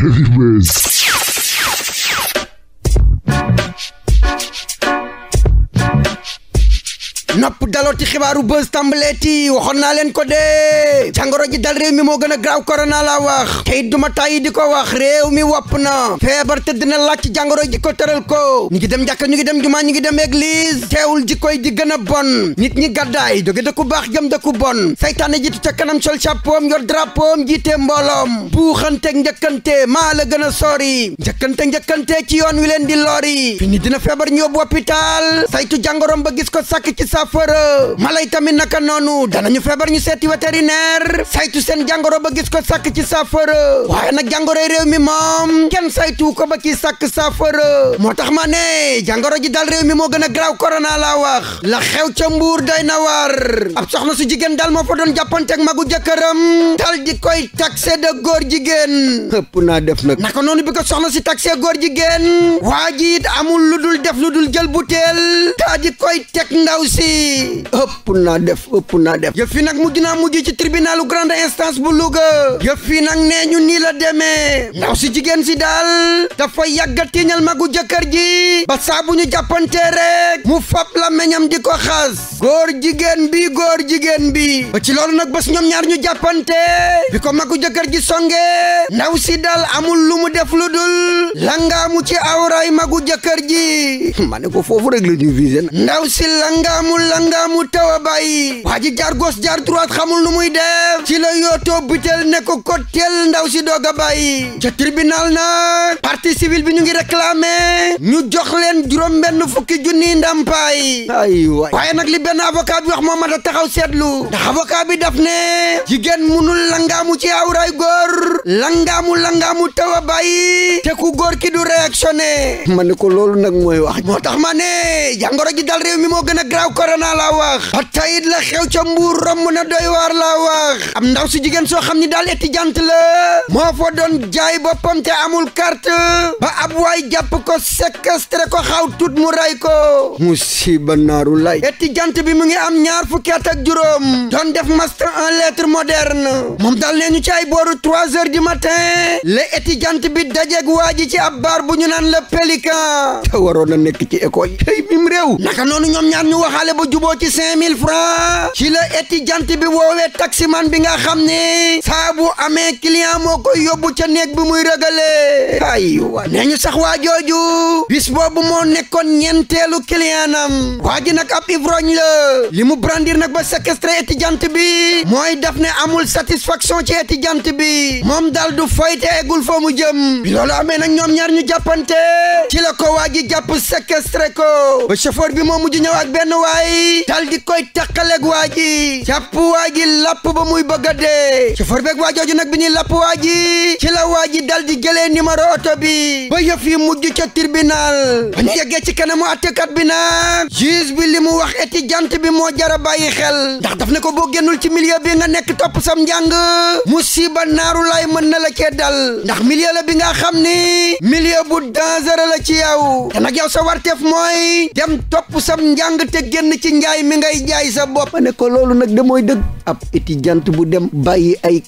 Heavyweight. nopp dalooti xibaaru buzz tàmbaleeti waxoon naa leen ko dee jàngoro ji dal réew mi moo gën a graaw korona la wax te it duma tàyyi di ko wax réew mi wopp na feebar tëdd na laaj ci jàngoro ji ko tëral ko ñu ngi dem jàkka ñu ngi dem jumaa ñu ngi dem église teewul ji koy di gën a bon nit ñi gàddaay jóge dëkku baax jëm dëkku bon saytaane jiitu ca kanam sol chapeau yor drapeau jiite mbooloom buuxanteeg njëkkante maa la gën a sori njëkkante njëkkante ci yoon wi leen di dina feebar ñu yóbbu hôpital saytu jàngoroom ba gis ko sàkk saafara mala yi tamit naka noonu danañu feebar ñu seeti vétérinaire saytu sen jàngoro ba gis ko sakk ci saafara waaye nag jàngoroy réew mi moom kenn saytu ko ba ci sàkk saafara moo tax ma ne jàngoro ji dal réew mi moo gën a graaw korona laa wax la xew ca mbuur doy na war ab soxna su jigéen daal moo fa doon jàppanteeg magu jëkkëram dal di koy taxé de góor jigéen ëpp na def nag naka noonu bi ko soxna si taxé góor jigéen waa ji it amul lu dul def lu dul jël buteel daa di ëpp naa def ëpp naa def yëf yi nag mujj naa mujj ci tribunalu grande instance bu Louga yëpp yi nag nee ñu nii la demee ndaw si jigéen si daal dafa yàgga tiiñal magu jëkkër ji ba saa bu ñu jàppantee rek mu fab la meñam di ko xas góor jigéen bi góor jigéen bi ba ci loolu nag bés ñoom ñaar ñu jàppante bi ko magu jëkkër ji songe ndaw si daal amul lu mu def lu dul langaamu ci awray magu jëkkër ji ma ko foofu rek la ñu visé ndaw si langaamu amul langaamu taw a bàyyi waa ji jaar gauche jaar droite xamul nu muy def ci la yootoo butel ne ko ko teel ndaw si doog a bàyyi ca tribunal nag partie sibil bi ñu ngi réclamer ñu jox leen juróom benn fukki junni ndàmpaay ay waay waaye nag li benn avocat bi wax moo mat a taxaw seetlu ndax avocat bi daf ne jigéen munul langaamu ci awray góor langaamu langaamu taw a bàyyi te ku góor ki du réactionné ma ne ko loolu nag mooy wax moo tax ma ne jàngoro ji dal réew mi moo gën a graaw korona laa wax ba tayit la xew ca mbuur romb na doy waar la wax am ndaw su jigéen soo xam ni daal étudiant la moo fa don jaay boppam te amul carte ba ab waay jàpp ko séquestré ko xaw tut mu ray ko musiba naaru lay étudiant bi mu ngi am ñaar fukki at ak juróom doon def master en lettres modernes moom dal nañu ci ay booru du matin le étudiante bi dajeeg waa ji ci ab baar bu ñu naan le pélican te waroon nekk ci école yi mim réew naka noonu ñoom ñaar ñu waxaale ba juboo ci cinq mille francs ci la étudiante bi woowee taximan bi nga xam ne saa bu amee client moo koy yóbbu ca néeg bi muy rëgalee aywa nee ñu sax waa jooju bis boobu moo nekkoon ñeenteelu client am waa ji nag ab ivrogne la li mu brandir nag ba séquestré étudiante bi mooy daf ne amul satisfaction ci étudiante bi moom dal du foyte eggul fa mu jëm bi loolu amee nag ñoom ñaar ñu jàppante la ko waa ji jàpp séquestré ko ba chauffeur bi moo mujj ñëw ak benn waay dal di koy taqaleeg waa ji jàpp waa ji lapp ba muy bëgg a dee chauffeur beeg waa jooju nag bi ñuy lapp waa ji ci la waa ji dal di jëlee numéro oto bi ba yëf yi mujj ca tribunal ba ñu yeggee ci kanamu àttekat bi nag waxeeti jant bi moo jara bàyyi xel ndax daf ne ko boo génnul ci milieu bi nga nekk topp sam njàng musiba naaru laay mën na la cee dal ndax milieu bi nga xam ni milieu bu dangereux la ci yow te nag yow sa warteef mooy dem topp sam njàng te génn ci njaay mi ngay jaay sa bopp ne ko loolu nag de mooy dëgg ab étudiant bu dem bàyyi ay